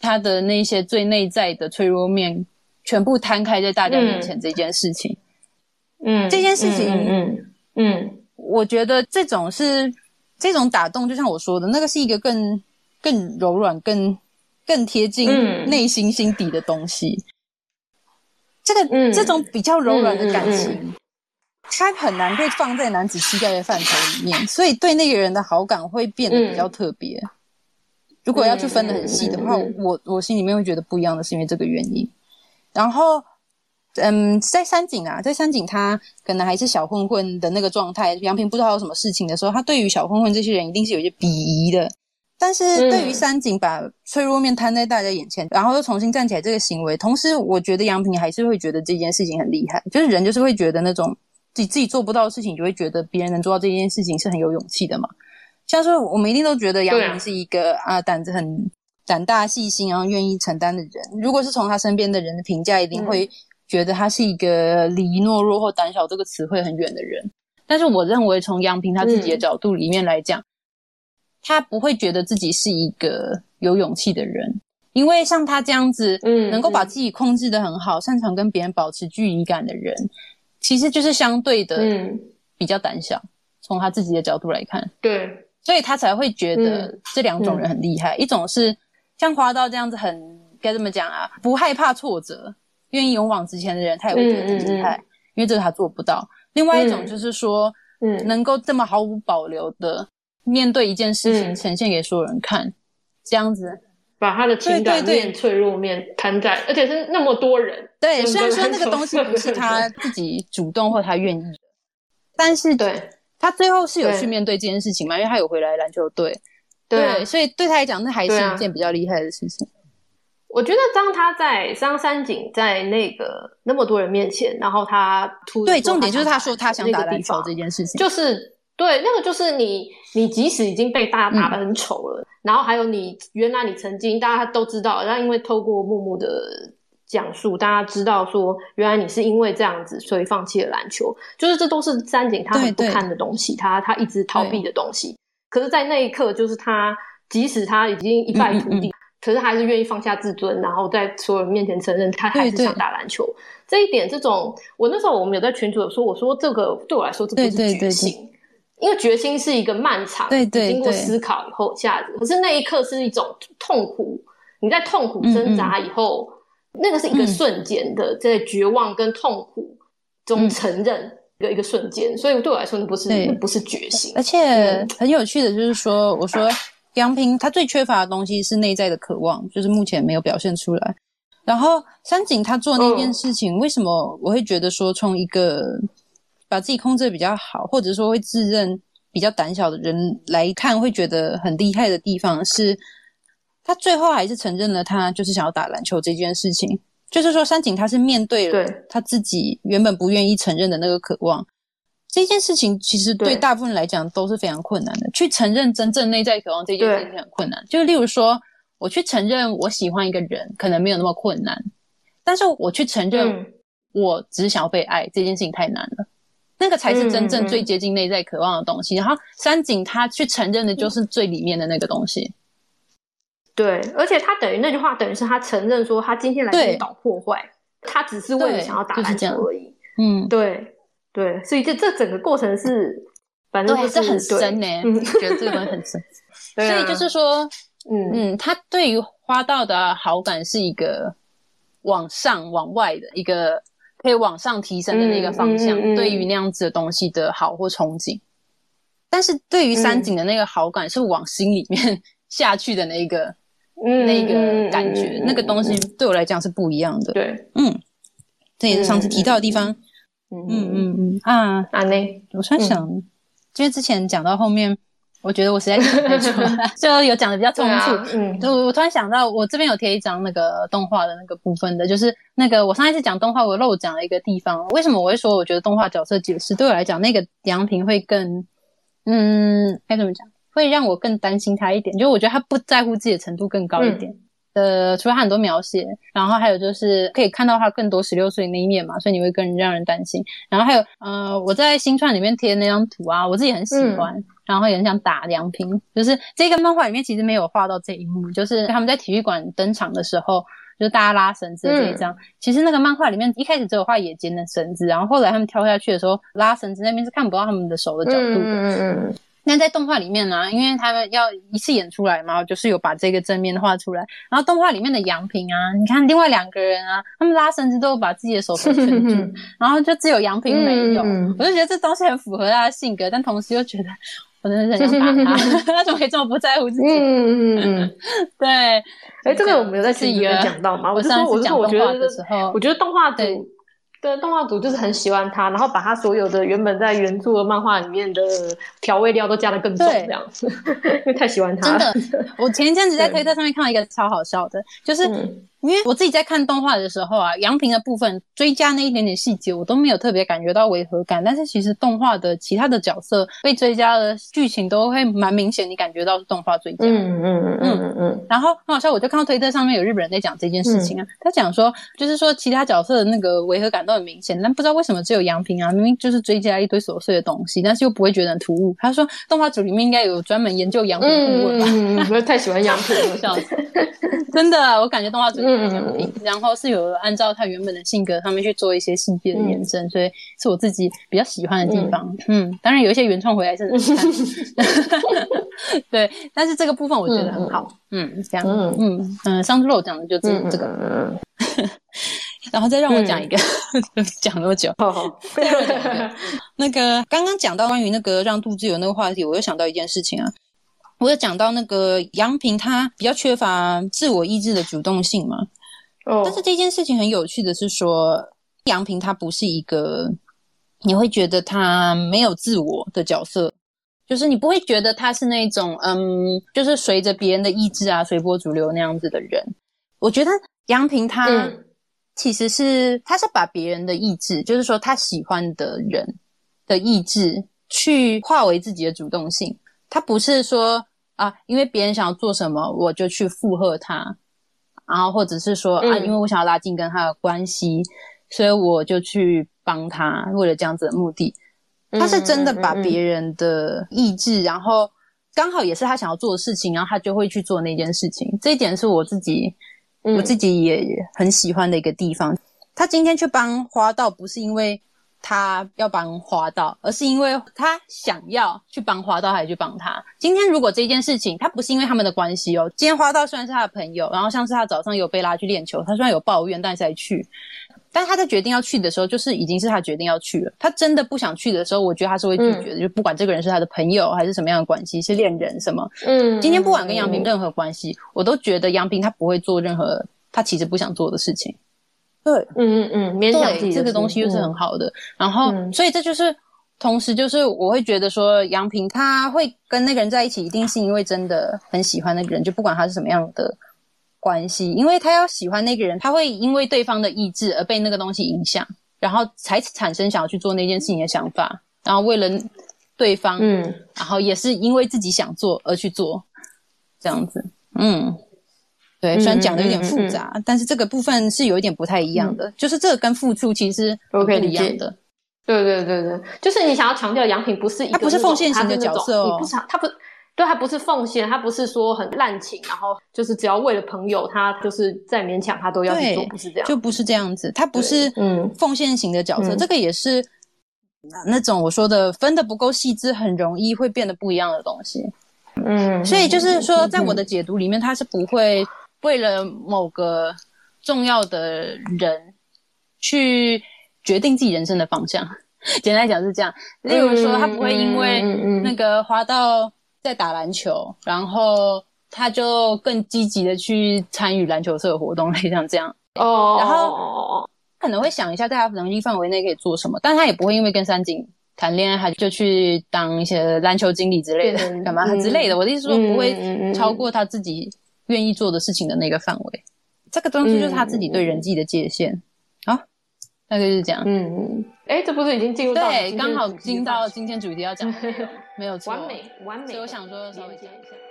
他的那些最內在的脆弱面全部攤開在大家面前這件事情。嗯，這件事情，嗯嗯，嗯，嗯，我覺得這種是這種打動，就像我說的，那個是一個更更柔軟、更更貼近、嗯、內心心底的東西。這個、嗯、這種比較柔軟的感情，他、嗯嗯嗯、很難被放在男子氣概的範疇裡面，所以對那個人的好感會變得比較特別、嗯。如果要去分的很細的話，嗯嗯嗯嗯、我我心裡面會覺得不一樣的是因為這個原因。然後，嗯，在三井啊，在三井他可能還是小混混的那個狀態，洋平不知道有什麼事情的時候，他對於小混混這些人一定是有些鄙夷的。但是對於三井把脆弱面攤在大家眼前、嗯，然後又重新站起來這個行為，同時我覺得洋平還是會覺得這件事情很厲害。就是人就是會覺得那種自己自己做不到的事情，就會覺得別人能做到這件事情是很有勇氣的嘛。像說我們一定都覺得洋平是一個啊、呃、膽子很膽大細心，然後願意承擔的人。如果是從他身邊的人的評價，一定會覺得他是一個離懦弱或膽小這個詞彙很遠的人、嗯。但是我認為從洋平他自己的角度裡面來講。嗯他不會覺得自己是一個有勇氣的人，因為像他這樣子，嗯，能夠把自己控制的很好、嗯，擅長跟別人保持距離感的人，其實就是相對的，比較膽小、嗯。從他自己的角度來看，對，所以他才會覺得這兩種人很厲害。嗯嗯、一種是像花道這樣子很，很該這麼講啊？不害怕挫折，願意勇往直前的人，他也會覺得很厲害、嗯，因為這個他做不到、嗯。另外一種就是說，嗯，能夠這麼毫無保留的。面對一件事情，呈現給所有人看，嗯、這樣子把他的情感面，對對對，脆弱面攤在，而且是那麼多人。對，雖然說那個東西不是他自己主動或他願意，但是對他最後是有去面對這件事情嘛？因為他有回來的籃球隊對對，對，所以對他來講，那還是一件比較厲害的事情。啊、我覺得，當他在張三井在那個那麼多人面前，然後他突然他對重點就是他說他想打籃球這件事情，就是。對，那個就是你，你即使已經被大家打的很醜了，嗯，然後還有你原來你曾經大家都知道，那因為透過木木的講述，大家知道說原來你是因為這樣子，所以放棄了籃球，就是這都是三井他很不堪的東西，對對他他一直逃避的東西。可是，在那一刻，就是他即使他已經一敗塗地嗯嗯嗯，可是還是願意放下自尊嗯嗯，然後在所有人面前承認他還是想打籃球。對對這一點，這種我那時候我們有在群組有說，我說這個對我來說，這個，不是覺醒因為決心是一個漫長，經過思考以後下對對對。可是那一刻是一種痛苦，你在痛苦掙扎以後，嗯嗯那個是一個瞬間的、嗯，在絕望跟痛苦中承認的一,一個瞬間、嗯。所以對我來說，那不是，那不是決心。而且很有趣的，就是說，嗯、我說洋平他最缺乏的東西是內在的渴望，就是目前沒有表現出來。然後三井他做那件事情，嗯、為什麼我會覺得說，從一個。把自己控制的比較好，或者說會自認比較膽小的人來看，會覺得很厲害的地方是，他最後還是承認了，他就是想要打籃球這件事情。就是說，三井他是面對了他自己原本不願意承認的那個渴望，這件事情其實對大部分人來講都是非常困難的。去承認真正內在渴望這件事情很困難。就例如說，我去承認我喜歡一個人，可能沒有那麼困難，但是我去承認我只是想要被愛、嗯、這件事情太難了。那個才是真正最接近內在渴望的東西、嗯嗯。然後三井他去承認的，就是最裡面的那個東西、嗯。對，而且他等於那句話，等於是他承認說，他今天來是搞破壞，他只是為了想要打籃球而已對、就是。嗯，對對，所以這這整個過程是，嗯、反正不、就是很深呢、欸嗯，覺得這個很深、 啊。所以就是說，嗯嗯，他對於花道的好感是一個往上往外的一個。可以往上提升的那個方向，嗯嗯嗯、對於那樣子的東西的好或憧憬、嗯，但是對於三井的那個好感、嗯、是往心裡面下去的那個、嗯、那個感覺、嗯嗯嗯，那個東西對我來講是不一樣的。對，嗯，這也是上次提到的地方。嗯嗯嗯，嗯，嗯啊啊內，我在想，因、嗯、為之前講到後面。我覺得我實在是講不 就有講的比較衝突、啊。嗯，就我突然想到，我這邊有貼一張那個動畫的那個部分的，就是那個我上一次講動畫我漏講了一個地方。為什麼我會說我覺得動畫角色解釋對我來講那個洋平會更，嗯，該怎麼講？會讓我更擔心他一點，就是我覺得他不在乎自己的程度更高一點。呃、嗯，除了他很多描寫，然後還有就是可以看到他更多十六歲那一面嘛，所以你會更讓人擔心。然後還有，呃，我在新串裡面貼那張圖啊，我自己很喜歡。嗯然後也很想打洋平，就是這個漫畫裡面其實沒有畫到這一幕，就是他們在體育館登場的時候，就是大家拉繩子的這一張、嗯。其實那個漫畫裡面一開始只有畫野間的繩子，然後後來他們跳下去的時候拉繩子那邊是看不到他們的手的角度的。那、嗯、在動畫裡面呢、啊，因為他們要一次演出來嘛，就是有把這個正面畫出來。然後動畫裡面的洋平啊，你看另外兩個人啊，他們拉繩子都把自己的手都繩住， 然後就只有洋平沒有，我就覺得這東西很符合他的性格，但同時又覺得。我真的很想打他， 嗯、 他怎麼可以這麼不在乎自己？嗯嗯嗯， 對。哎，這個我們有在心一而講到嗎？我是說，我是我覺得，我覺得動畫組，對動畫組就是很喜歡他，然後把他所有的原本在原著的漫畫裡面的調味料都加得更重，這樣子， 因為太喜歡他了。 我前一陣子在推特上面看到一個超好笑的，就是。嗯因為我自己在看動畫的時候啊，洋平的部分追加那一點點細節，我都沒有特別感覺到違和感。但是其實動畫的其他的角色被追加的劇情都會蠻明顯，你感覺到是動畫追加。嗯嗯嗯嗯嗯。然後很好笑我就看到推特上面有日本人在講這件事情啊，嗯、他講說就是說其他角色的那個違和感都很明顯，但不知道為什麼只有洋平啊，明明就是追加一堆瑣碎的東西，但是又不會覺得很突兀。他說動畫組裡面應該有專門研究洋平的，嗯、 不是太喜歡洋平我笑死。 真的、啊，我感覺動畫組、嗯。嗯，然後是有按照他原本的性格上面去做一些細節的延伸，嗯，所以是我自己比較喜歡的地方。嗯，嗯，當然有一些原創回來是。 對，但是這個部分我覺得很好。嗯，嗯這樣。嗯嗯嗯，上次漏講的就是這個。嗯，這個、 然後再讓我講一個，嗯、 講多久好好 講？那個剛剛講到關於那個讓杜志友那個話題，我又想到一件事情啊。我有講到那個洋平，他比較缺乏自我意志的主動性嘛。但是這件事情很有趣的是，說洋平他不是一個你會覺得他沒有自我的角色，就是你不會覺得他是那種嗯，就是隨着別人的意志啊，隨波逐流那樣子的人。我覺得洋平他其實是他是把別人的意志，就是說他喜歡的人的意志，去化為自己的主動性。他不是說。啊，因為別人想要做什麼，我就去附和他，然後或者是說、嗯、啊，因為我想要拉近跟他的關係，所以我就去幫他，為了這樣子的目的，嗯、他是真的把別人的意志、嗯嗯，然後剛好也是他想要做的事情，然後他就會去做那件事情，這一點是我自己，我自己也很喜歡的一個地方。嗯、他今天去幫花道，不是因為。他要幫花道，而是因為他想要去幫花道，還是去幫他？今天如果這件事情，他不是因為他們的關係哦。今天花道雖然是他的朋友，然後像是他早上有被拉去練球，他雖然有抱怨，但是還去。但是他在決定要去的時候，就是已經是他決定要去了。他真的不想去的時候，我覺得他是會拒絕的。嗯、就不管這個人是他的朋友，還是什麼樣的關係，是戀人什麼，嗯。今天不管跟洋平任何關係，我都覺得洋平他不會做任何他其實不想做的事情。對，嗯嗯嗯，勉強自己，這個東西又是很好的。嗯、然後、嗯，所以這就是同時，就是我會覺得說，洋平他會跟那個人在一起，一定是因為真的很喜歡那個人，就不管他是什麼樣的關係，因為他要喜歡那個人，他會因為對方的意志而被那個東西影響，然後才產生想要去做那件事情的想法，然後為了對方，嗯，然後也是因為自己想做而去做，這樣子，嗯。對，雖然講的有點複雜，嗯嗯嗯，但是這個部分是有一點不太一樣的，嗯、就是這個跟付出其實不一樣的。Okay, 對對對對，就是你想要強調洋平不是一個它不是奉獻型的角色哦，他不他不對，他不是奉獻，他不是說很濫情，然後就是只要為了朋友，他就是再勉強他都要去做，不是這樣，就不是這樣子，他不是嗯奉獻型的角色，嗯、這個也是那種我說的分的不夠細緻，很容易會變得不一樣的東西。嗯，所以就是說，在我的解讀裡面，他、嗯嗯、是不會。為了某個重要的人，去決定自己人生的方向。 簡單來講是這樣。例如說、嗯，他不會因為那個花道在打籃球、嗯，然後他就更積極的去參與籃球社活動，類像這樣。哦，然後可能會想一下，在他能力範圍內可以做什麼。但他也不會因為跟三井談戀愛，他就去當一些籃球經理之類的幹、嗯、嘛之類的、嗯。我的意思說，不會超過他自己。願意做的事情的那個範圍，這個東西就是他自己對人際的界限，好、嗯，啊、大概就是這樣。嗯嗯，哎、欸，這不是已經進入到、對，剛好進到今天主題要講的， 沒有錯，完美完美，所以我想說稍微講一下。